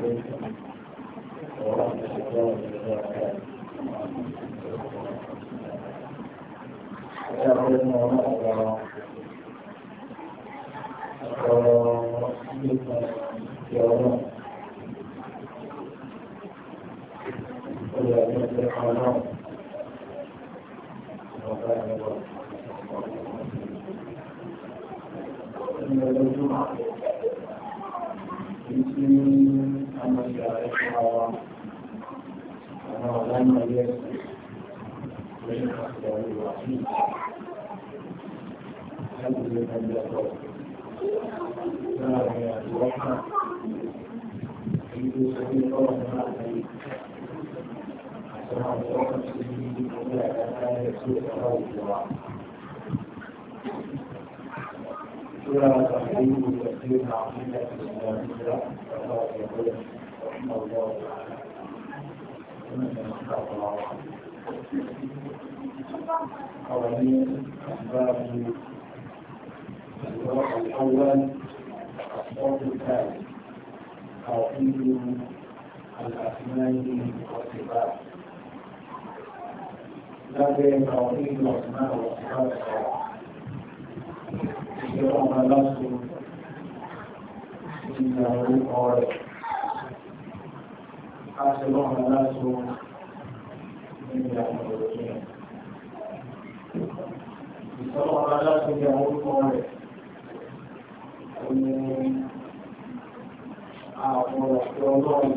عليكم ورحمة الله وبركاته Thank you. الأول الصوت الثالث توحيد الأسماء والصفات lábẹ́ àwọn ìlú ọ̀sán àwọn ọ̀sán ìṣẹ́ ọmọ aláṣọ ìgbà orúkọ rẹ̀ aṣọ ọmọ aláṣọ orúkọ rẹ̀ ìṣọ́lọ́ ọmọ aláṣọ ìgbà orúkọ rẹ̀ òní àwọn ọ̀sán ọlọ́run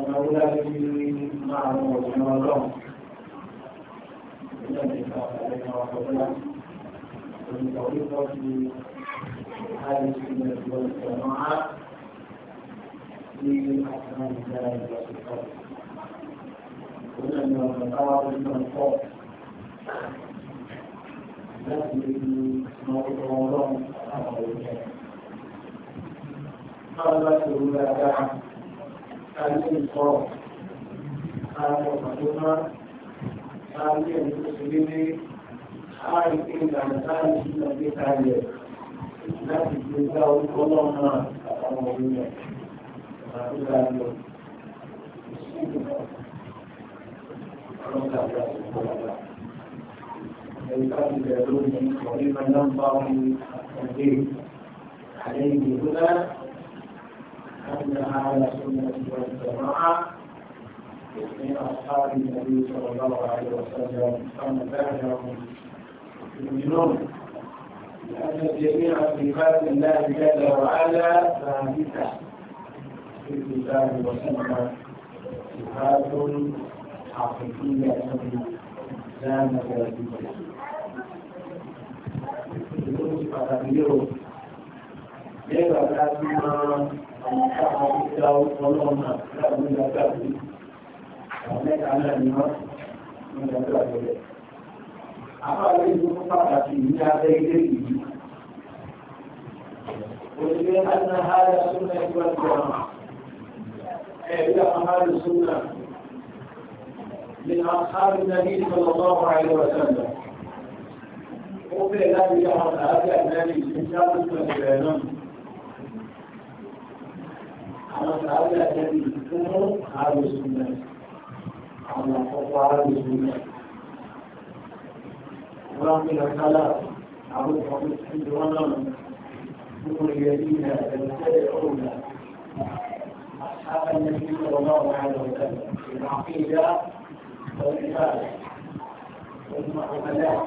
ọ̀nà wúlá sí máa mú òṣìṣẹ́ ọlọ́run nígbà tí a fẹ́ máa wọ́n wúlá òṣìṣẹ́ orípọ̀ sí àìsí ìgbẹ̀sọ̀ ìṣẹ̀nà á sí àtúnṣe ìjọba ìjọba òun ni ọ̀nà táwa tó ń tàn pọ̀ láti lè fi máa wọ́n ọlọ́run àwọn òṣìṣẹ́. Báwo bá ṣe wúlá dáa? àti ìkọ́ àti ọ̀pàdọ́mọ́ àti ẹ̀dùnkùnlélé àti ìlànà láti ìlànà kalẹ̀ láti fi gba orúkọ náà àtàwọn orílẹ̀ àti ìlànà عليه هنا أنها على سنة والجماعة من أصحاب النبي صلى الله عليه وسلم فمن بعدهم يؤمنون لأن جميع صفات الله جل وعلا ثابتة في الكتاب والسنة صفات حقيقية لا مجال لها. Àpáàlẹ́ ìlú pàtàkì ní abẹ́ ilé ìlú. Òṣèré Adúná Hálà Súnà ìgbà ìjọba. Ẹ̀rí àwọn Hálà Súnà. Nínú àkàrí Nàbí ìsọ̀lọ́gbọ́ ọ̀rọ̀ àìlọ́wọ̀ sọ́dọ̀. Ó bẹ̀rẹ̀ láti àwọn àájá ìlú ìjábùsọ̀ ìbẹ̀rẹ̀ náà. àwọn sàárè àtẹ́bí fún àrùsùn náà àwọn ọkọ̀ àrùsùn náà wọ́n fi lọ sálà àwọn ọmọ ìṣẹ́jú wọn náà nínú الذين يتبعون أصحاب النبي صلى الله عليه وسلم في العقيدة والعبادة والمعاملات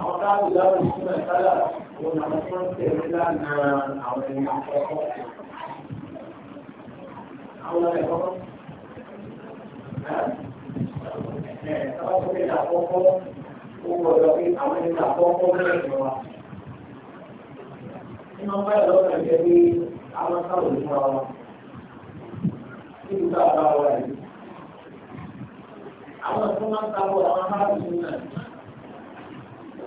أو قالوا له السنة ثلاث òun àwọn tó ń tẹ̀lé lánàá àwọn ẹni àkọ́kọ́. Àwọn ẹ̀kọ́ ẹ̀ táwọn tó ń tẹ̀lé àkọ́kọ́ ó gbọ́dọ̀ pé àwọn ẹni àkọ́kọ́ bẹ̀rẹ̀ lọ wa. Nínú ọgbà ẹ̀rọ náà jẹ́ pé àwọn sáwọn ìfúnra wa. Nígbà bá wa yìí. Àwọn tó máa ń sábọ̀ àwọn aráàlú náà.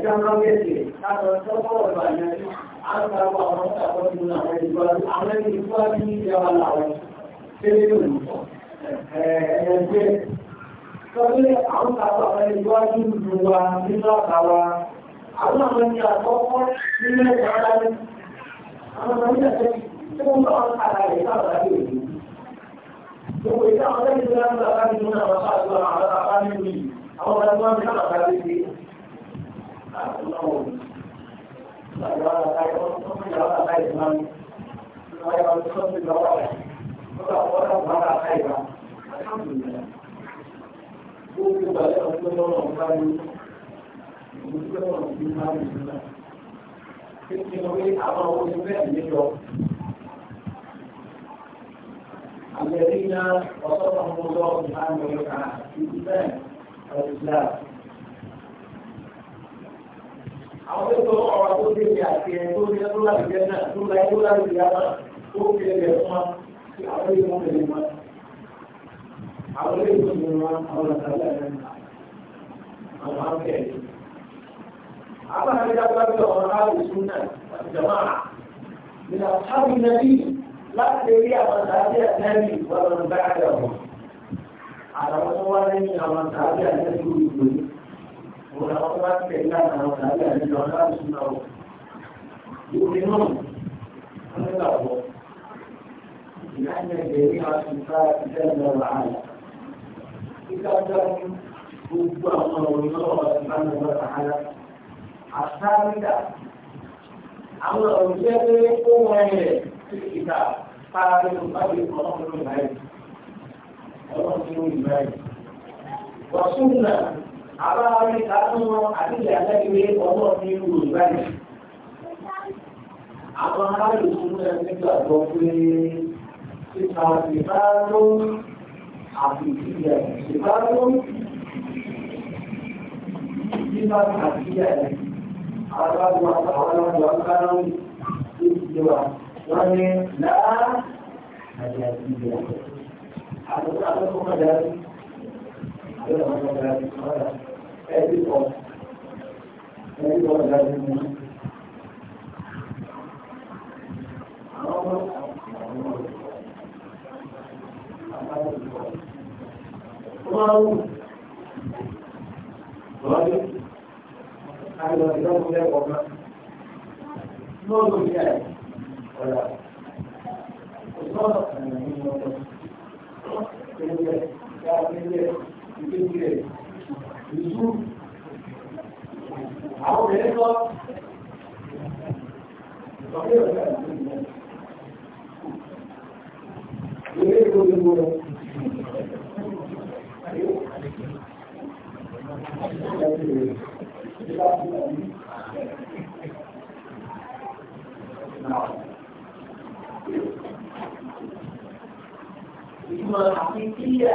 ẹ̀dá máa mẹ́sẹ̀ látọ̀ sọ́kọ̀ ọ̀rọ̀ àyàjú àgbàwọ̀ àwọn ọ̀sàkọ́jú àwọn ìgbà àwọn ìgbà ní ìjọba làwọn tẹ́lẹ̀ yóò ní sọ ẹ̀ẹ́dẹ́ sọ́lé àwọn àwọn àwọn ìgbà ní ìlú wa nínú àgbàwà àwọn àwọn ìgbà àkọ́kọ́ nínú ẹ̀dá láti àwọn àwọn ìgbà tó ń bá wọn kàrà rẹ̀ sábà lè rí gbogbo ìgbà àwọn ìgbà tó ń bá wọn kàrà rẹ̀ sábà lè rí àwọn ọmọ ẹgbẹ́ wọn sábà lè rí الذين وصفهم الله سبحانه وتعالى في الإسلام والإسلام àwọn tó tọ́ ọ̀rọ̀ tó dé ní àti ẹ̀ tó ní ẹ̀tọ́ láti jẹ́ náà tó láyé tó láti jẹ́ náà tó fi ẹ̀jẹ̀ fún wa kí àwọn ilé wọn lè wá. Àwọn ilé ìwé ni wọn àwọn àtàlẹ́ ẹ̀ àwọn àǹkẹ́ ẹ̀. Àwọn àti àgbàgbé ọ̀rọ̀ àlùsùn náà àti jàmá nínú àtàwọn ìnàbí láti ní àwọn àtàlẹ́ àtàlẹ́ ìwé لأن الجميع صفات جل وعلا إذا كان ربما الله سبحانه وتعالى الثابتة àwọn òṣìṣẹ́ pé ó wọ́n rẹ̀ sí ìta káàkiri pàdé ọlọ́run ìbáyìí ọlọ́run ìbáyìí wọ́n súnmọ́ Abang hari satu hari dia ada di bilik kotor di rumah kan? Abang hari semua yang kita kopi kita di satu hari dia di satu kita hari dia ada dua tahun dua tahun itu dua lagi dah ada dia ada apa apa kau ada ada apa apa ẹbí kan ẹbí kan ọ̀dà ní mú. Àwọn ọmọ àwọn ọmọ Lọ́dí, àìlọ́ ìdánwò lẹ́kọ̀ọ́ kan. Lọ́dún ní ẹ̀ ọ̀dà. Òṣùwọ̀n ọ̀sán ní ọjọ́. Ìgbésẹ̀, ìgbésẹ̀, ìgbésẹ̀. ìlú àwọn obìnrin lọ ìtọ́jú ìrọ̀lẹ́ ìlú ìlú ìlú ìlú Ìmọ̀ àti kíyà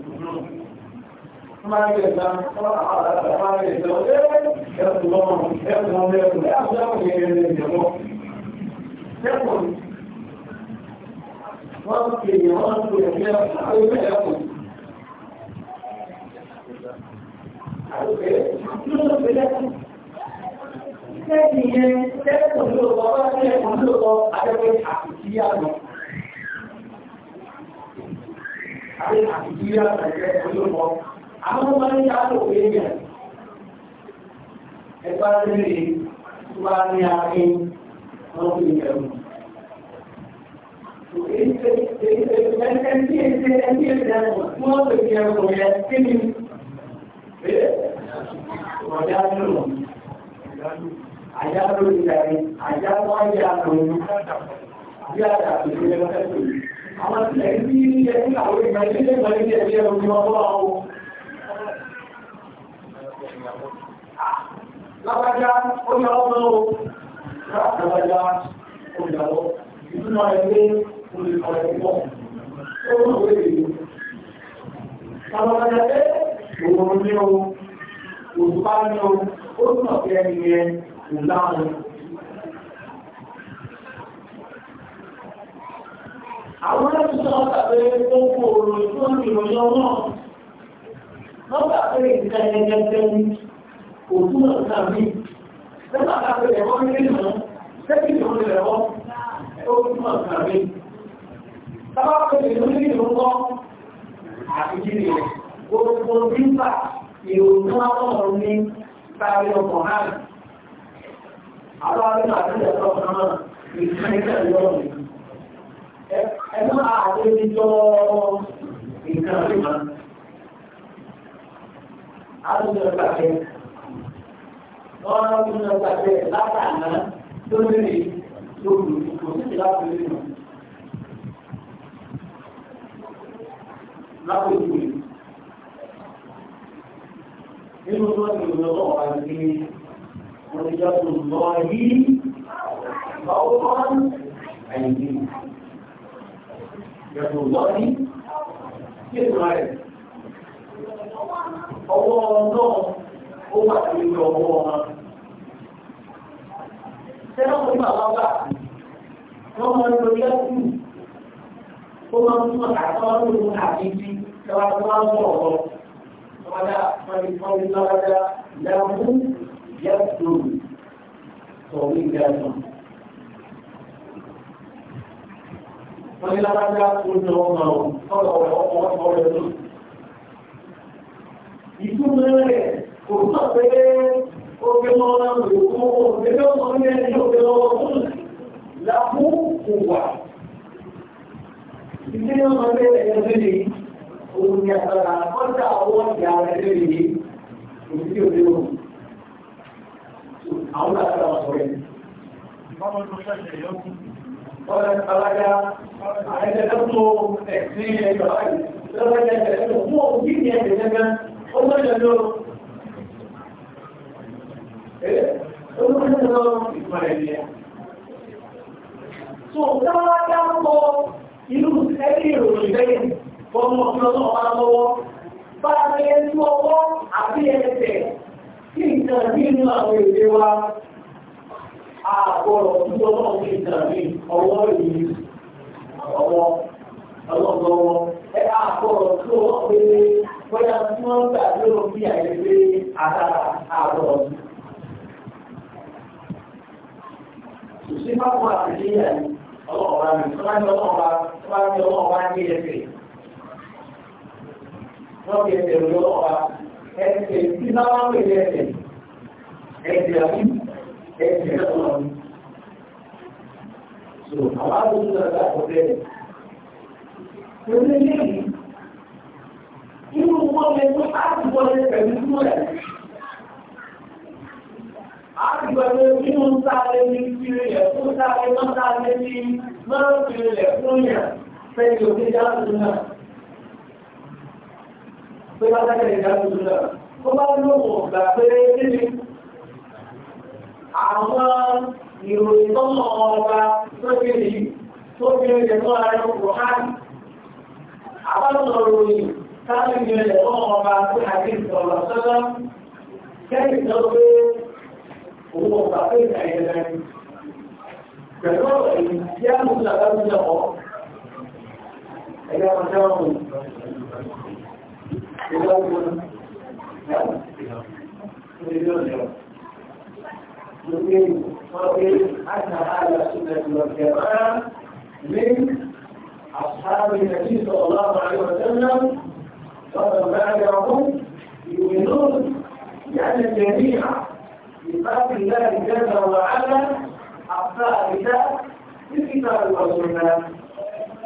ما يلزم ما يلزم يطلبون يطلبون يطلبون يطلبون يطلبون وصفي وصفي يطلبون يطلبون ثانيا تدخل الغرفة المخلوقة على الحقيقية على الحقيقية تدخل الغرفة àwọn ọmọ ní àpò èèyàn ẹgbà lórí tó bá ní àárín wọn fi ẹ̀rù. Èyí ṣe ẹni tí èsì ẹni èsì ẹ̀rù tí wọ́n fi fi ẹ̀rù yẹ kí ni ọ̀dá lòrùn. Àyá lórí ìdarí, àyá wáyé àlòrùn. Bí àdàbò ìṣẹ̀lẹ̀ lọ́sẹ̀ tó yìí. Àwọn ìṣẹ̀lẹ̀ tí ẹni àwọn ìgbà ìṣẹ̀lẹ̀ ìgbà ìṣẹ̀lẹ̀ ìṣẹ̀lẹ̀ ìṣẹ̀lẹ̀ lágbájá ó yà ọ́ lọ́wọ́ lágbájá ó ẹgbẹ́ olùkọ́ ẹgbẹ́ ó ń wé èyí. Lágbájá pé òun ní Àwọn ẹ̀sùn sọ tàbí gbogbo òòrùn tó ń ìròyìn ọmọ kò túnmọ̀ náà mí lẹ́gbà káàkiri ẹ̀kọ́ ní ìlú sẹ́kì tó lè rẹ̀wọ́ ó túnmọ̀ náà mí sábà pẹ̀lú ìlú ní ìlú kọ́ àti jírí gbogbo nípa ìròyìn ọlọ́run ní sáré ọkọ̀ náà àwọn arìnrìn àti ẹ̀kọ́ náà ìgbìyànjú ìlọ́run ẹ̀mọ́ àdéjọ́ ìkànnì máa. Adúgbò ẹ̀ka kẹ́kẹ́ lọ́wọ́ tó ń lọ́gbà bẹ́ẹ̀ látàná lórí lórí kò sí láti rí nù. Lápòjú rẹ̀. Nínú tó ń lò lọ́wọ́ wà ní wọ́n ti jọ́ tó yìí lọ́wọ́ àìní. Yàtọ̀ lọ́ ní kí èso rẹ̀. Ọwọ́ náà ó wà nínú ọwọ́ wọn. Sẹ́wọ́n mo ní bàbá bà wọ́n máa ń lo lẹ́kùn ó máa ń túmọ̀ àtọ́wọ́n lòun àbí bí ẹwà tó máa ń bọ̀ ọ́. Wọ́dà wọ́n ní lọ́wọ́dà lẹ́kùn yẹ́kùn sọ̀rọ̀ ìgbà náà. wọ́n ní lágbájá oúnjẹ ọmọ ọ̀rọ̀ ọ̀rọ̀ ọ̀rọ̀ ọ̀rọ̀ ìtumọ̀ rẹ̀ kò sọ pé oge mọ́ra lòkú òṣèré ọmọ ní ẹni òṣèré ọmọ fún làkú kò wà. Ìdílé ọmọ ilé ẹ̀yẹ lórí òun ni àgbàrá kọ́ńtà ọwọ́ ìyá rẹ̀ lórí òun tí òde òun. Àwọn àgbàrá ọ̀sọ̀ rẹ̀. Báwo ló ṣẹ̀ṣẹ̀ yọ kú? Ọ̀rẹ́ alága àìsẹ̀kẹ́ tó ẹ̀sìn ẹ̀yọ̀ láì lọ́wọ́ ẹ̀sẹ̀ tó fún òun kí ni ẹ̀sẹ̀ gẹ́gẹ́ ó mọ̀ wọn ìpínlẹ̀ ilé ya. so ìròyìn lẹ́yìn fọmọ ọ̀gbìn ọ̀pá lọ́wọ́ bá a lè ọwọ́ àbí ẹsẹ̀ kí nǹkan bí inú àwọn èdè wa àgbọ̀rọ̀ tó ọwọ́ kí nǹkan bí ọwọ́ yìí ọwọ́ ọlọ́gbọ́wọ́ ẹ àgbọ̀rọ̀ tó ọwọ́ pé bóyá tí wọ́n gbà lórí bí àìlè àtàrà àgbọ̀rọ̀ tó. òṣìṣẹ́ bá wà nàìjíríà ọlọ́ọ̀bá mi tọ́lá ní ọlọ́ọ̀bá tọ́lá ọlọ́ọ̀bá ní ẹsẹ̀ wọ́n fi ọlọ́ọ̀bá ẹsẹ̀ tí bá wà pè ní ẹsẹ̀ ẹsẹ̀ àbí ẹsẹ̀ lọ́wọ́ mi. so àwọn àbúrò náà dá kọ bẹ́ẹ̀. Ìwé ilé àgbẹ̀wò tí ó ń sáré ní ìrìn rẹ̀ sáré mọ́ sáré ní mọ́rùn-ún fún yàn fẹ́jọ ní dáàbò náà. Pé bá dákẹ́ ìdáàbò náà, ó bá lóòwò gbà pé níbi àwọn ìròyìn tọ́mọ̀ ọba lókè yìí tó fi ń lè mọ́ ara ọkọ̀ hàn. Àbálòpọ̀ ròyìn táwọn ìrìnlẹ̀ tọ́mọ̀ ọba tó àti ìtọ̀lọ̀ sọ́lọ́ kẹ́yìn وهو ضعيف عند ذلك كثيرا الانسان لغم له إذا رجعوا إذا رجعوا يمكن قبل أن هذا سنة والجماعة من أصحاب النبي صلى الله عليه وسلم فمن بعدهم يؤمنون يعني الجميع بقدر الله جل وعلا الثابت في كتاب والسنة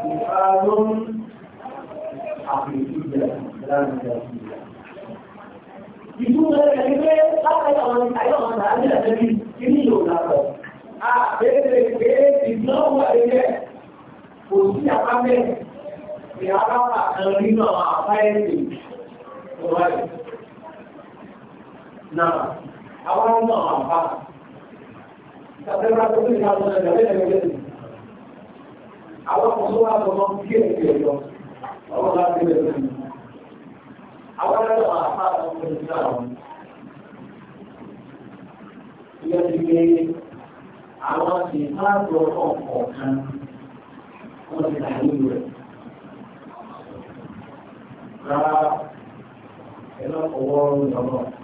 مفاد حقيقية لا مجازية Ìtúwọ́ rẹ̀ ní pé lápẹ́ àwọn ìtàyọ̀ ọ̀nà àmì àtẹ́bí kí ní ìlò lápọ̀. A bèèrè pé ìdánwò ẹgbẹ́ kò sí àpámẹ́ ìhárápà kan nínú àwọn àpáẹ́ àwọn ọmọ àwọn àpá ìtàbẹ́rẹ́ bá tó ní ìlànà ìjọba ìjọba ìjọba àwọn ọmọ tó wà lọ́mọ kí ẹ̀ kí ẹ̀ lọ ọmọ láti ẹ̀ lọ àwọn ẹ̀rọ àpá àwọn ọmọ ìjọba àwọn ìyẹn ti gbé àwọn ìfáàtọ̀ ọkọ̀ kan wọ́n ti dà nínú rẹ̀ rárá ẹ̀rọ ọwọ́ ọ̀rọ̀ náà.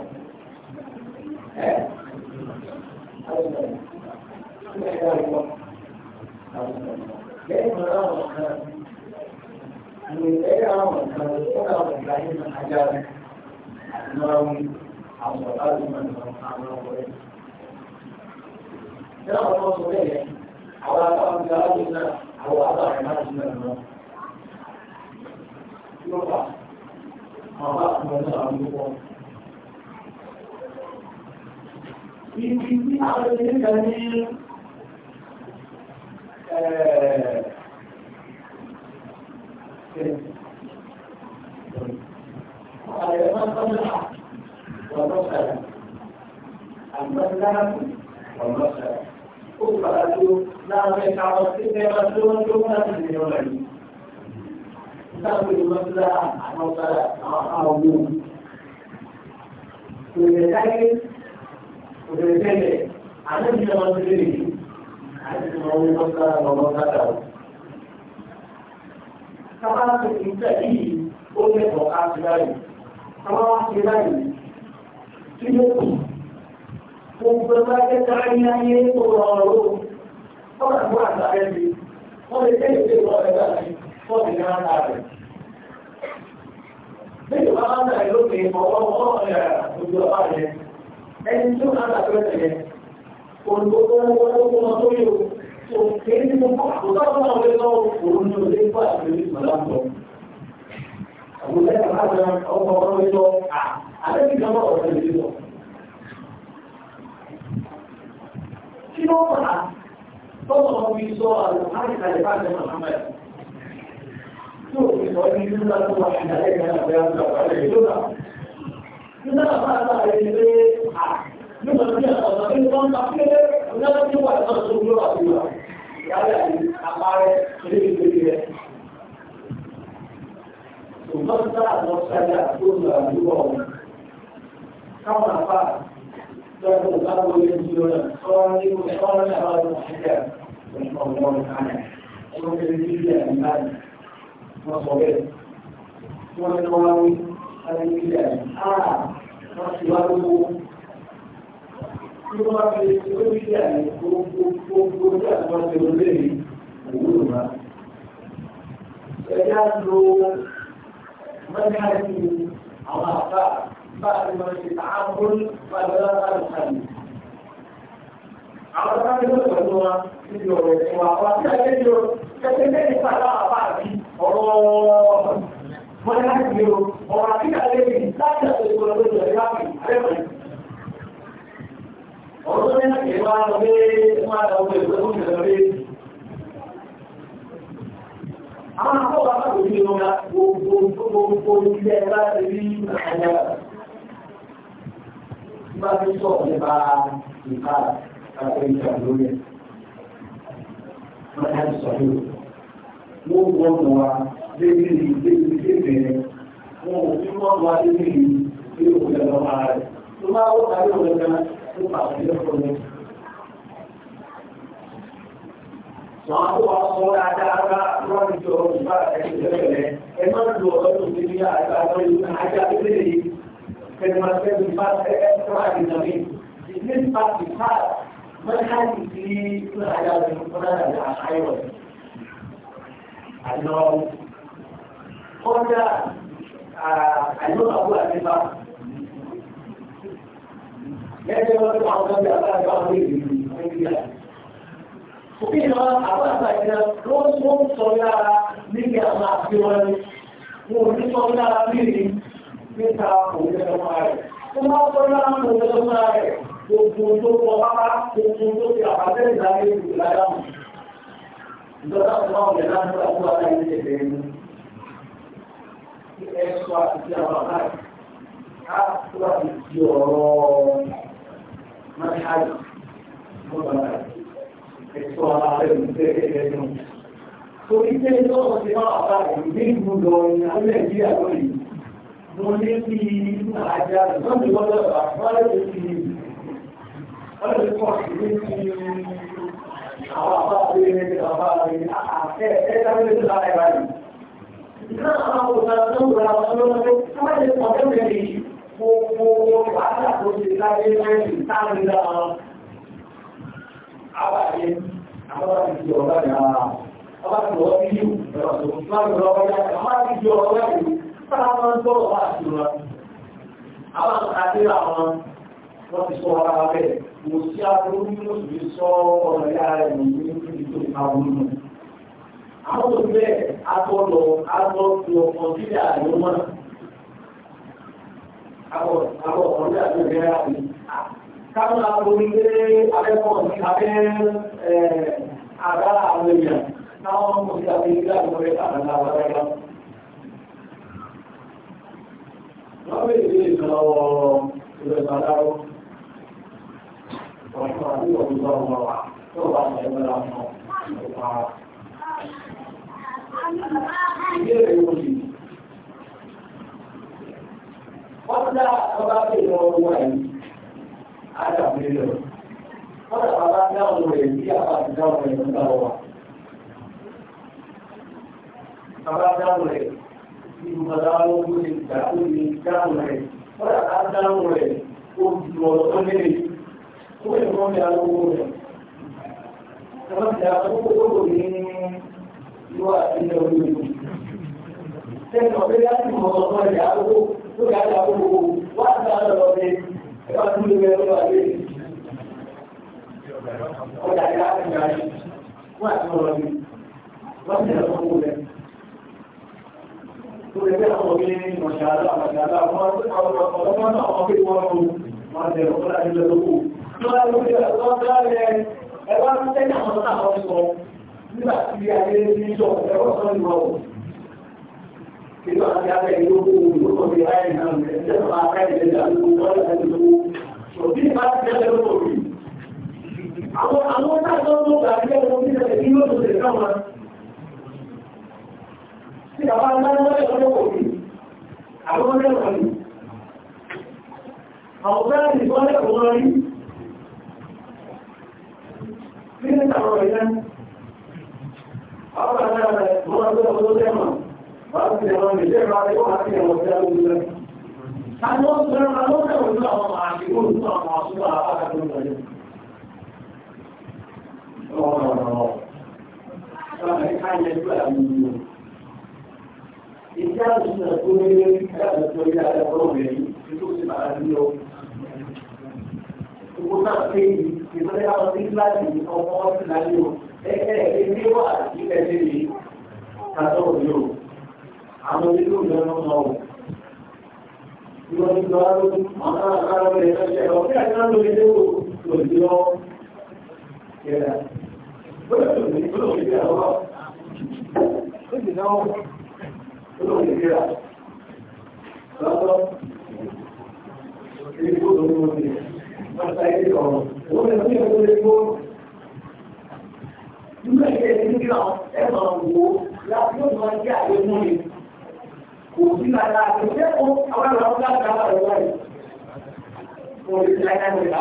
ابن حجاج النووي عبد القادر بن محمد ترى الرسول عليه على طعم كلامنا او على عمادنا الموت يرفع مرات من الامور في في عدد كبير على يتفضل العبد والمسألة المسألة والمسألة أخرى لا يتعرض إلى رسول جملة من العلم تأخذ المسألة المسألة عموم وبالتالي وبالتالي عدد المسألين عدد المسألة ومسألة كما في الإنسان أولئك وقعت ذلك àwọn àṣìlá yìí tí ó kù gbogbo bá kẹta ní ayé tó rọrùn ó wà ní àgbà rẹ̀ bí wọ́n lè tẹ́lẹ̀ tẹ́lẹ̀ wọ́n rẹ̀ láti wọ́n lè náà náà rẹ̀. Bẹ́ẹ̀ bá ń rẹ̀ lókè ọwọ́ ọ̀rọ̀ ojú ọba rẹ̀ ẹni tó ń rà lọ́tẹ̀ rẹ̀ olùkókó olóko wọn tó yọ òkè ní gbogbo àkókò àwọn ọ̀rẹ́ lọ́wọ́ òun ní olè fún àgbèrè ìgbàlá àbúlé àbájá ọkọ̀ kí ló wà tọ́wọ́ wọn fi sọ àwọn àìsàlẹ̀ bá jẹ́ màmá ẹ̀. tí ò fi sọ ní nígbà tó wà ìdálẹ́ ìgbà àbẹ́ àgbà àbẹ́ ìjọba. nígbà tó bá àgbà rẹ̀ ṣe pé à nígbà tí àwọn ń ta pé ọ̀gá tó wà ìtọ́jú ló wà sí wa. ìyá rẹ̀ àpárẹ̀ ṣe mọ́tà lọ́sẹ̀lẹ̀ àtúntò àdúgbò ọ̀hún. Káwọn àpá lọ́dún ìbáwọ̀ ilé ní wọ́n wí منهج àwọn àbá bá ti mọ̀ sí àábùn pàdánù àlùfáàlì. Àwọn sáré ló pẹ̀lú wa níbi ọ̀rọ̀ ẹ̀sìn wa wá sí ẹgbẹ́ o kẹ́kẹ́ lẹ́yìn pàdá àbá àbí ọ̀rọ̀ wọn láti lè o ọ̀rọ̀ àbí àlejò láti àtẹ̀lé kọlọ lójú ẹ̀rí láti àrẹ́fẹ̀. Ọ̀rọ̀ tó ní láti wá lọ pé wọ́n á lọ pé ìgbẹ́ àwọn akọ́kọ́ bá kò ní ìrora gbogbo ilé ẹ̀rá rí àyàrá. Bá ti sọ̀rọ̀ nípa ìka àti ìka lórí ẹ̀. Wọ́n á ti sọ̀rọ̀ yìí. Wọ́n wọ́n mọ̀ wá débi débi débi rẹ̀. Wọ́n ò ní wọ́n mọ̀ wá débi débi òkú ẹ̀rọ ara rẹ̀. Tó bá wọ́n parí òun ẹ̀ka tó pàṣẹ lẹ́kọ̀ọ́ máa kó wa sọ dáadáa bá wọ́n ti jọ ìgbà ẹ̀sìn lẹ́lẹ̀ ẹ má lu ọ̀rọ̀ tó ti ní àgbà lórí ajá tó lè yí kẹ́ni máa fẹ́ bí bá fẹ́ ẹ́ fúra ìdàmì ìdílé bá ti fà mọ́tàlì sí fún ajá lórí fúnra ìdàmì àṣàyọ̀ àná kọ́ńdà àyọ̀ àbúrò àti bá lẹ́yìn tí wọ́n ti wà wọ́n ti àbá àgbà wọ́n ti rí ìdílé òfin ìlọ àwọn àgbàjẹ ló ń mú sọ lára níbi àwọn àfihàn ni wọn ò ní sọ lára níbi níta òwúrọ̀ máa rẹ̀ wọ́n máa sọ lára òwúrọ̀ máa rẹ̀ gbogbo tó kọ pápá gbogbo tó fi àbájẹ́ ìdáyé ìlú láyàmù ìjọba tó máa wọlé láti wà fún ara ilé ẹgbẹ́ ẹni kí ẹ sọ àtúnṣe àwọn àbáyé á tó àti di ọ̀rọ̀ máa ń ṣáàjì mọ́ bàbá rẹ̀ ẹ̀tọ́ àtẹ̀lẹ́nu. Torí pé lọ́wọ́ ti máa bá ìgbé ìgbúdọ̀ ní Nàìjíríà lónìí. Mo ní bí àjà lọ́dún lọ́dọ̀ àfárẹ́ tó ti ọ̀rẹ́ tó kọ̀ sí ní ti àwọn àbáwọlé ní àbáwọlé àfẹ́ ẹ̀ẹ́dáwọlé tó lára ẹ̀rọ yìí. Ìgbà àwọn òṣèlú tó ń gbà wọn lọ́wọ́ pé ká má lè pọ̀ àbáyé àbábáyé ti ọ̀gá ní ara ọba ti lọ sí yíò ẹ̀rọ tó ń bá mi lọ wáyé àmọ́ ti di ọ̀rọ̀ wáyé sára wọn ń tọrọ wá sí wọn. àwọn àti àwọn wọn ti sọ ọ̀rọ̀ ara bẹ́ẹ̀ mo sí àbúrò ní mo sì sọ ọ̀rọ̀ ìyá rẹ̀ mo ní níbi tó ta wọn nù. àwọn tó bẹ́ẹ̀ atọ́lọ atọ́lọ kọ̀ǹtílẹ̀ àdéhùn náà. àwọn ọ̀rọ̀ ìyá rẹ̀ káwọn aborí pé akẹ́kọ̀ọ́ sí abẹ́ àgbà àwọn èèyàn táwọn ọmọ sí abẹ́ ilé àgbọ̀rẹ́ àgbàlá àwọn ẹ̀rọ. wọ́n bèèrè ilé ìtọ́wọ́ ìrẹ̀ bàdáró ọ̀ṣọ́ àti ọ̀dọ́ ọmọ wa tó wà ní ẹgbẹ́ ọmọ ọ̀pá. Ìbéèrè wo ni? Wọ́n dá ọba bèèrè ọwọ́ ẹ̀yìn àtàmílò wọ́n tàbá wọ́n ti dá owó owó ní ìlú àti ilẹ̀ láti mọ̀ ọ̀gbọ́n ìyá owó lórí àjà owó wá sí àwọn ọ̀gbẹ́. Nígbà tí ayé ní ìjọ ẹ̀rọ sọ́nà ìwọ̀n Ìjọba ti á bẹ̀rẹ̀ ìlú kúrò láì náà rẹ̀, ìjọba akẹ́rẹ̀ ìjọba lókọ̀ lọ́lọ́ ẹ̀dùn lókọ̀. Òbí bá ti jẹ́ lókọ̀ rí. Àwọn àwọn táàtọ́ tó gbà jẹ́ ọmọ bí ẹ̀rẹ̀ ní yóò tó lè káwọn. Tí àwọn aláwọ̀ ẹ̀rọ lókọ̀ rí. Àwọn ọmọ ẹ̀rọ rí. Àwọn ọmọ ẹ̀rọ rí. Nínú àwọn ẹ̀rọ Ìjá ìṣẹ́ tó ní ẹgbẹ̀rẹ̀ tó yá ẹgbẹ̀rẹ̀ obìnrin tí tó sì bàrá ní o. Gbogbo náà pé ìgbẹ̀rẹ̀ àwọn tí láti àwọn ilé ìgbẹ̀rún ọmọ ìwọ̀n ìgbẹ̀rún ọmọ àwọn ọmọ ìrẹsẹ̀ ọ̀fẹ́ àti àwọn ilé ìgbẹ̀rún ọmọ ìrẹsẹ̀ Nígbà ìgbẹ̀rún ọmọ ẹ̀mọ̀ wo láti ó máa jẹ́ àwọn ọmọ ìrẹsẹ̀ kò sí lára àtúnṣe àwọn àwọn ọ̀gá àwọn Kò sí lára ìlà.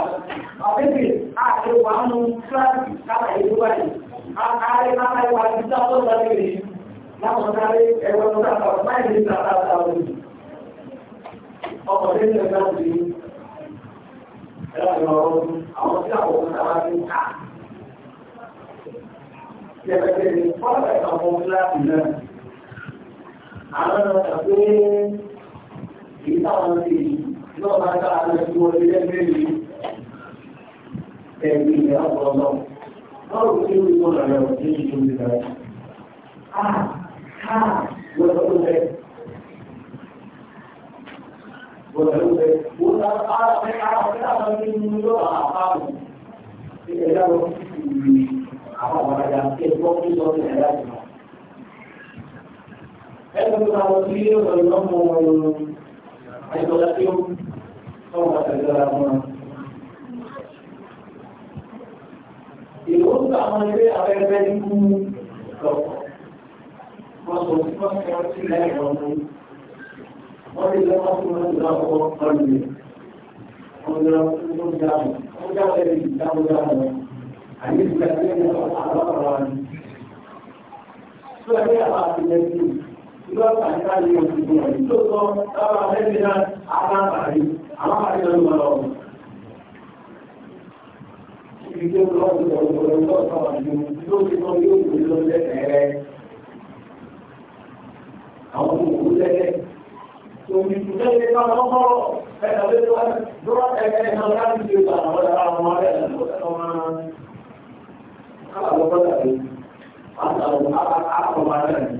Àbẹ́bẹ̀ àti wà ń kíláàsì àwọn ọ̀rọ̀ pé kì í táwọn ti náà máa ká àwọn ẹ̀sùn wọlé lẹ́gbẹ̀ẹ́ mi ẹ̀mí ìyá ọ̀pọ̀lọ́ báwo kí ó tó rẹ̀ ọ̀ sí ìṣó mi rẹ̀ ah ah gbọ́dọ̀ ló fẹ́ gbọ́dọ̀ ló fẹ́ ó ta ara fẹ́ ara fẹ́ àwọn ẹni nínú yóò àpapọ̀ ẹ̀dá lọ sí ìlú àwọn ọ̀rọ̀ àti ẹ̀gbọ́n tó sọ ní ẹ̀dá tó ẹgbẹ́ tó àwọn tí ó rọ̀ lọ́mọ àìsọ̀lá tí ó tọ́wọ́ àtẹ̀lára wọn. Èrò ń gbà wọn ilé abẹ́rẹ́ nínú lọ́pọ̀. Wọ́n sọ sí wọ́n fi wọ́n sí lẹ́yìn ọmọ. Wọ́n lè lọ́wọ́ fún wọn lọ́wọ́ ọkọ̀ ọ̀rọ̀ yẹn. Wọ́n lọ fún wọn dáhùn. Wọ́n dáhùn ẹ̀rí ìdáhùn dáhùn. Àyè ìgbà tí wọ́n lọ́wọ́ àlọ́ ọ̀rọ̀ wọn. Sọ́dọ̀ bí àwọn àti ìlọ́ta nípa ní ọ̀sùn ọ̀rìn tó sọ lára lẹ́gbẹ̀ẹ́ náà àtàkàrí àwọn àríwá ló lọ. Ibi tó lọ sí ọ̀rọ̀ lọ́sọ̀ àjò tó ti sọ yóò wù lọ lẹ́tẹ̀ẹ́. Àwọn òkú lẹ́tẹ̀ tó ní ìtúlẹ̀ bá lọ́kọ́ ẹ̀ka lé tó lọ́wọ́ ẹ̀ka ẹ̀ka láti ṣe ìgbà àwọn ará ọmọ rẹ̀ lọ́wọ́ Kálá lọ́kọ́ dàbí, àtàwọn ará ọmọ rẹ̀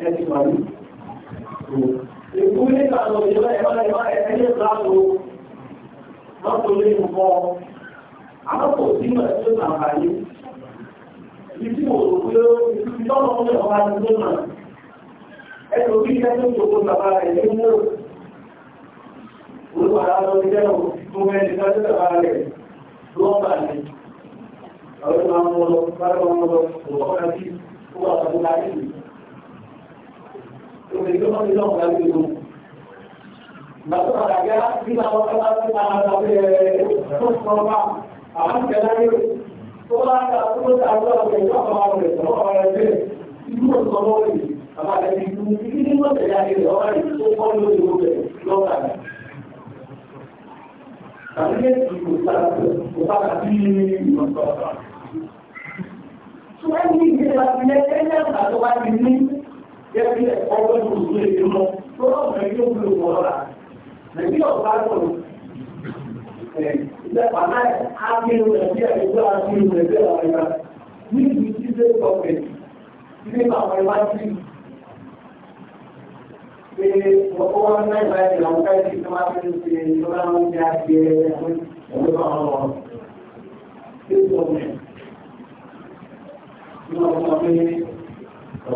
anybody. If we make our way, everybody might have any problem, not to leave the ball. Àwọn kò sí mọ̀ tó nà àbáyé. Ibi tí mo rò pé ibi tọ́lọ́ ń lọ bá ti tó nà. Ẹni orí iṣẹ́ tó ń tòkó bàbá rẹ̀ ní mú. Olúwa ara lọ sí ẹ̀rọ tó mẹ́rin ní kájú bàbá rẹ̀ lọ́ọ̀bà ni. Àwọn ìlú obìnrin tó bá ti lọ́wọ́ láti lò. Bàtọ́ àdàgá bí àwọn ọlọ́lá ti ta ara rẹ̀ tó sọ bá àwọn ìjẹ̀lá yóò. Tó bá ta tó ló ta lọ́wọ́ rẹ̀ tó bá rẹ̀ tó bá rẹ̀ bẹ́ẹ̀. Ibú ọ̀sán lọ́wọ́ rẹ̀ bàbá rẹ̀ ti dùn títí ní wọ́n tẹ̀lé ayé rẹ̀ ọ̀rẹ́ tó kọ́ lórí rẹ̀ lọ́wọ́ rẹ̀. Tàbí méjì kò sára kò sára bí ìwọ̀n sọ̀rọ̀. Ṣùgbọ́n ní ìgbésẹ̀ àti ẹgbẹ́ náà tó bá ti ní jẹ́ kí ẹ̀kọ́ èdè mọ́ tó lọ́wọ́ ẹ̀yìn òwúlò wọ́n rà nàìjíríà ọ̀gá lọ ilẹ̀ pàdá ágbéru nàìjíríà ìgbà ágbéru nàìjíríà ọ̀gá ní ìlú tí ilé ìtọ́fẹ̀ ilé àwọn ẹ̀wá sí pé ọkọ̀ wọn náà ìgbà ìgbà àwọn káyọ̀ tí wọ́n ti ń ṣe ìjọba wọn ní adìẹ ẹ̀wọ̀n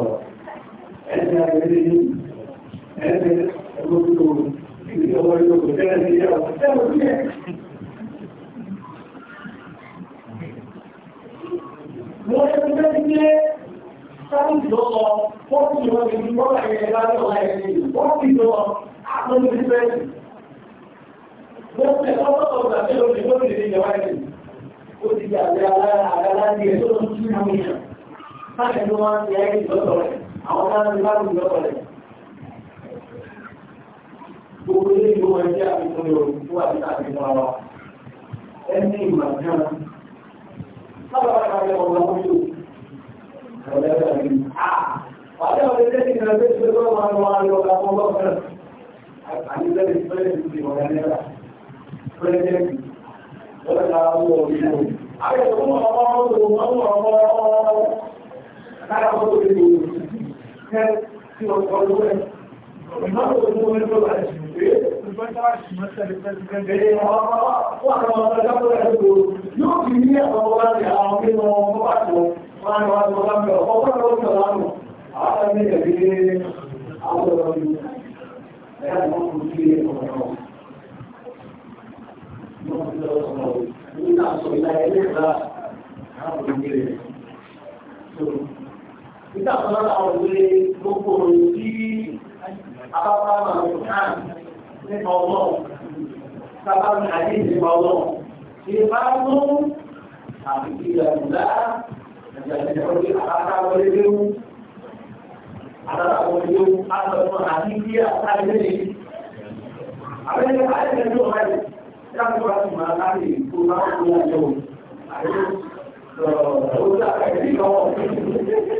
ọ̀rọ̀ ẹ̀sẹ̀ àgbẹ̀rẹ̀ yìí ẹ̀sẹ̀ ẹgbẹ̀rẹ̀ ìjọba ìjọba tẹ́lẹ̀ ìyàwó tẹ́lẹ̀ Wọ́n ń bẹ́ ní sáàrùn ìjọba, wọ́n ti wọ́n ti wọ́n láyé lábẹ́ ọ̀la ẹ̀sìn, wọ́n ti jọ àwọn ìgbẹ́ Wọ́n tẹ̀ lọ́wọ́ ọ̀gbà tí ó ti lórí ìjọba ẹ̀sìn, ó ti gbà àwọn máa ń bá lùlọ rẹ̀. Gbogbo ilé ìlú wọn jẹ́ àfikún ìròyìn fún àdúrà àfikún ara. Ẹni ìmọ̀ náà. Sábà bá kalẹ̀ ọ̀rọ̀ wọn yóò. Ọ̀rẹ́ rẹ̀ ni. Wàdé ọ̀rẹ́ tẹ́ ti rẹ̀ tẹ́ ti rẹ̀ máa ń wá lọ ka fún bọ́ọ̀ náà. Àyíká lè fẹ́ lè fi ọ̀rẹ́ náírà. Pírẹ́sẹ̀ntì. Lọ́dọ̀ ta owó orí wọn. Àwọn ìṣòro ọmọ ọmọ ọmọ ọmọ ọmọ ọmọ ọmọ fẹ́ sí nígbà tó lọ́la àwọn ìwé gbogbo tí abáfá máa ń kàn nípa ọlọ́run sábà ní àdé nípa ọlọ́run ṣe bá mú àbí ìyàgbọ́lá ìyàgbọ́lá àbáfá wọlé léwu àbáfá wọlé léwu àtọ̀tọ̀ àti kí àtàlẹ́ yìí. àbẹ́lẹ́ àyẹ̀kẹ́ tó wáyé láti wá sí màá láti tó bá wọlé àjọ àyẹ̀kẹ́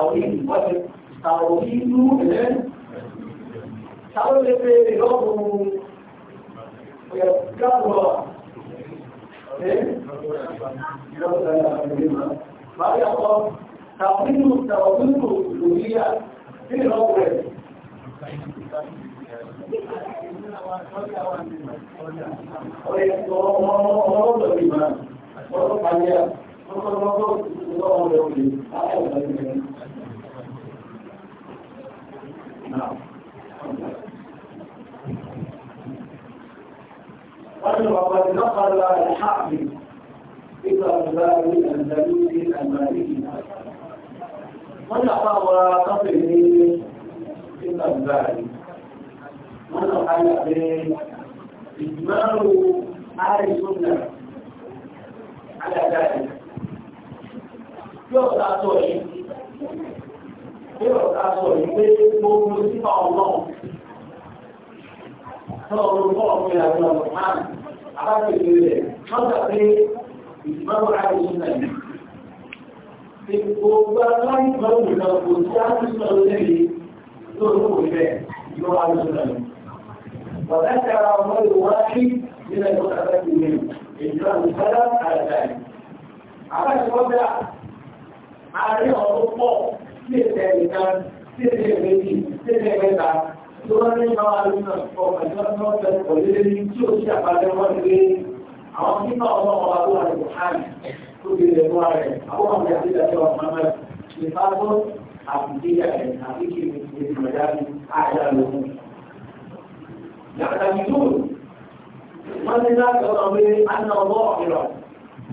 التعويل التعويل تعويل في لغة ويذكرها ما يقول تعويل التعويل الألوهية في لغة Thank you. قال وقد نقل الحاكم إلى بلاد الأندلسي المالكي من أقر قبله إلى البالي من أقر به إجمال أهل سنة على ذلك يوضع توحيد pé ọ̀tá sọ yìí pé gbogbo sípà ọlọ́run tọ́lọ́ orúkọ ọ̀pẹ àwọn ọ̀hán abájọ́jú rẹ̀ lọ́gbà pé ìgbàgbọ́ àìsùn náà ti gbogbo aláì gbọ́dọ̀ náà kò sí àtúnṣe lórí lórúkọ rẹ̀ yóò wá lóṣù náà. وذكر الرجل واحد من المتأثر منه إجراء السلام على ذلك. على الوضع عليه الرقم 现一三、现在为地、现在为啥？昨天刚完工的，我们刚刚在我这里就下班的话，这个，然后听到说我做了武汉，做这个做的，然后我们俩就在叫他们，你发说啊，你这个人啊，必须你什么家里爱家人，两家一住，我现在得到为按照我这个，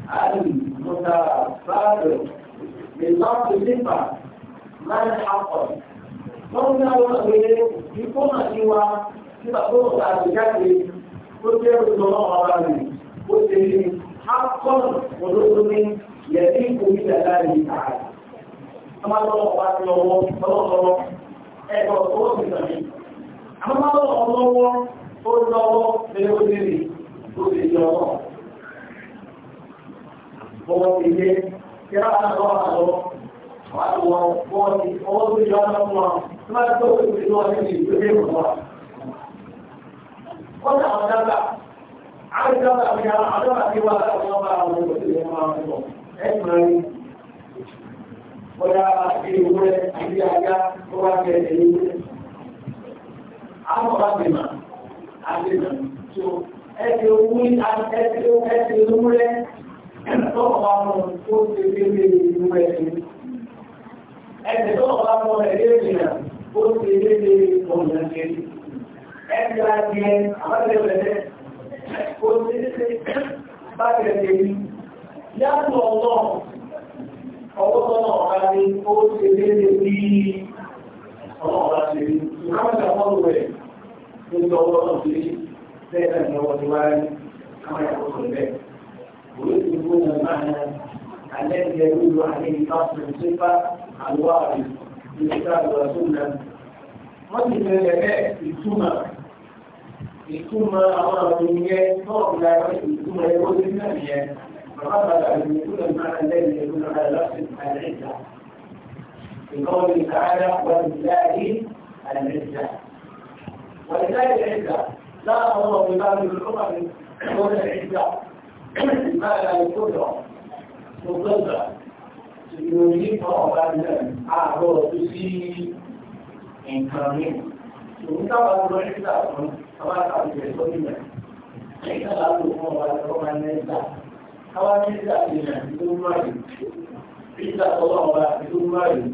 按我的发的，你当时明白。láì àpọ̀. Wọ́n ní àwọn ọ̀gbẹ́ ìfọ́nà sí wa tí bàbá òun àgbéjáde ó jẹ́ olùdókòwò ọba rẹ̀ ó ṣe ní àpọ̀ òdodo ní yẹ̀dí omi dàda yìí ààrẹ. Ọmọ lọ́wọ́ wa ti ọwọ́ lọ́wọ́lọ́wọ́ ẹ̀kọ́ owó ti sàn mí. Àwọn ọmọ lọ́wọ́ ó lọ́wọ́ lé ó lé lè ó lè yọ ọwọ́. Bọ́wọ́ ti yé kí á lọ́wọ́ àlọ́wọ́ wọ́n á wọ wọ́n ti ọwọ́ tó yọ ọ́nà fún wọn tí wọ́n á tó o ti lọ sí ìlú ilé ìwọ̀n wọn. wọ́n ní àwọn dábà àwọn dábà mi àwọn dábà mi wà láwọn ọmọ àwọn ọmọ ìlú ọmọ àwọn ọmọ ẹ̀sìn rẹ̀ bóyá ìwé àti àga tó wá kẹ́ ẹ̀yìn ìwé. àwọn ọba bìmà àti ìmọ̀ tó ẹ̀sìn owó ẹ̀sìn owó ẹ̀sìn owó rẹ̀ tó ọmọ àwọn ọmọ tó ti fi lé ìwé ẹ̀sìn ẹsẹ̀ tó ọ̀pá mọ́ ẹ̀dẹ́ ìrìnà ó ti lé lé ọ̀nà ṣe ẹ̀sẹ̀ láti ẹ̀ àbájẹ́bẹ̀rẹ̀ ó ti lé bájẹ̀ ṣe ní yàtọ̀ ọ̀nà ọwọ́ tọ́nà ọ̀gá ni ó ti lé lé bí ọ̀nà ọ̀gá ṣe ní ìkámẹ́ta wọ́n rẹ̀ ní ọwọ́ náà ṣe bẹ́ẹ̀ náà ni ọwọ́ ti wáyé kámẹ́ta wọ́n rẹ̀ bẹ́ẹ̀ òwe ti gbóná máa ń alẹ́ ìyẹn lólu àlẹ́ ìfásitì الوارد في الكتاب والسنة مثل ìtumọ̀ ìtumọ̀ àwọn òyìnbó tọ́ọ̀bù lára ìtumọ̀ ẹgbẹ́ ojú náà yẹn فقبل أن يكون المعنى الذي يكون على لفظ العزة في قوله تعالى ولله العزة ولله العزة لا الله بباب الحكم دون العزة ما لا يقدر مضلة ìròyìn kan ọ̀gá nílẹ̀ àárọ̀ tó sí nǹkan mi. Òun tábà ń lọ nígbà fún àwọn àkàtúntì ẹ̀kọ́ nílẹ̀. Nígbà láti fún ọba ẹ̀kọ́ máa ń lẹ́gbà. Káwá nígbà ti rìn àti tó ń wá yìí. Nígbà tó wà ọba àti tó ń wá yìí.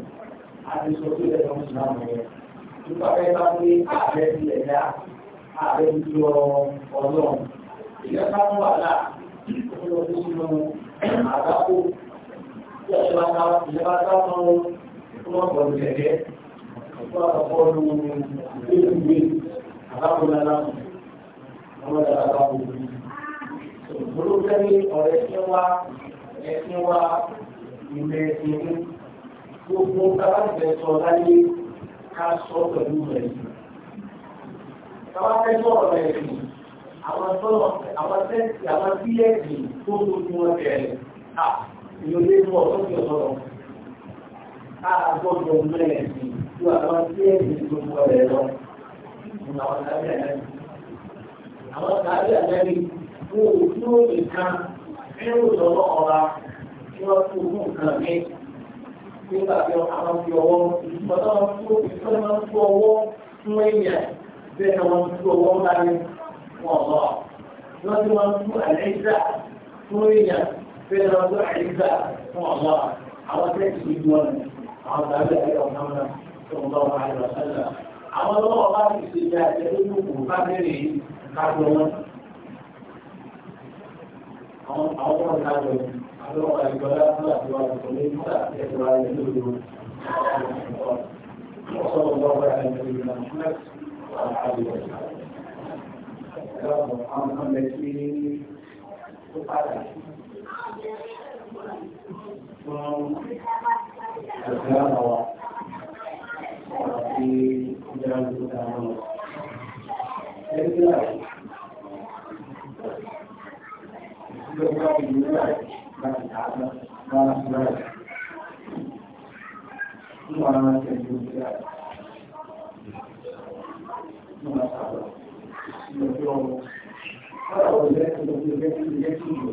A ti sọ pé ẹ̀rọ ń sùn àwọn ẹ̀. Nípa pé bá pé ààrẹ ti lẹ̀ ọlọ́run. Ìyá ìjọba ìjọba táwọn ọmọkùnrin jẹ̀jẹ̀ fún àkọ́kọ́lù ìgbéyìí àbábọ̀lá láwọn ọmọ ìjọba táwọn olùkẹ́ni ọ̀rẹ́ tí wá ẹ̀sìn wá ilẹ̀ ìlú gbogbo kábàtẹ̀ sọ láyé ká sọ pẹ̀lú rẹ̀ kábàtẹ̀ sọ ọ̀rẹ́ yìí àwọn tọ́lọ̀ àwọn tẹ́sí àwọn sílẹ̀ yìí tó gbogbo wọn tẹ̀lé ah, ìyọlé bọ̀ lókè ọ̀rọ̀ àgbọ̀dọ̀ mẹ́rẹ̀ sí ju àwọn tí ẹ̀sìn tó mọ rẹ̀ lọ àwọn tàbí àdáyé. Àwọn tàbí àdáyé wo ojú nìkan ọ̀la tí wọ́n tó mú nǹkan mi. Nígbà tí àwọn fi ọwọ́ ìfọ̀tọ́ wọn tó ìfọ̀tọ́ wọn tó ọwọ́ fún èèyàn bẹ́ẹ̀ ni wọ́n tó ọwọ́ ńlá ní wọ́n lọ. Wọ́n ti wọ́n àlẹ́ ìjà fún èèyàn في موضوع الإجزاء هو الله على كيف يدون على تابع محمد صلى الله عليه وسلم على الله بعد الاستجابة يدون مفاهمه كعبه àwọn àwọn ọ̀rọ̀ ìdájọ́ àwọn ọ̀rọ̀ ìgbọ́lá fún àtiwá ìtòlé fún àtẹ́kọ̀ọ́ ayé lórí ọ̀sọ̀rọ̀ lọ́wọ́ ayé lórí nàìjíríà àwọn àdìgbò ìgbàlódé. ẹ̀rọ àwọn ọmọ ẹgbẹ́ tí ó pàdánù àgbàwà àti ìjọba ìjọba àwọn ẹgbẹ́ àti ìjọba ìjọba láti àgbà láti láti nígbà máa tẹ̀lé ojú àti nígbà sábà ní ọjọ́ ọmọ. Báwo lẹ́yìn tó ti lẹ́yìn lẹ́yìn lọ?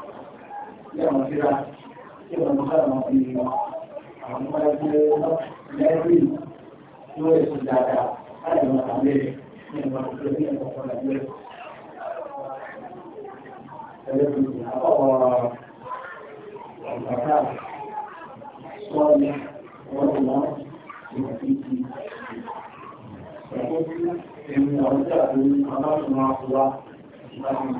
ní àwọn ìlera tí wọ́n mú sára wọn ní àwọn ọmọ ẹgbẹ́ lẹ́rí tí wọ́n èso dáadáa láti wọn àlẹ́ ní ìwà òkè ní ẹ̀kọ́ kan lẹ́gbẹ́. Ẹlẹ́gbẹ̀rún àkọ́kọ́ ọ̀gbàká sọ́ọ̀lì ọ̀rọ̀lọ́ ìwọ̀kìtì. Ẹ̀kọ́ sí ẹ̀mí àwọn ìjà tó ń bá wọn wá ìbáraẹni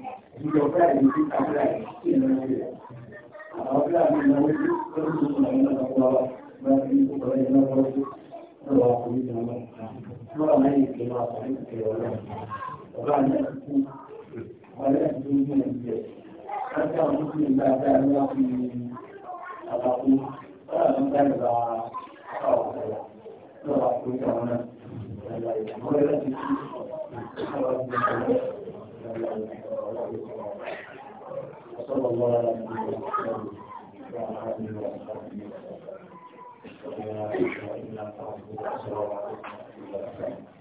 有代理去搞代理，进进去，然后让你能能能能能说能进，不能能说能老不行了。如果能进的话，肯定是有的。我这两天听，我这两天听了一些，他叫我们自在那边，然后是二零三十八到五十六，这老贵的了，现在，然后在听，看到什么？وصلى الله على نبينا محمد وعلى اله وصحبه وسلم وبارك على نبينا محمد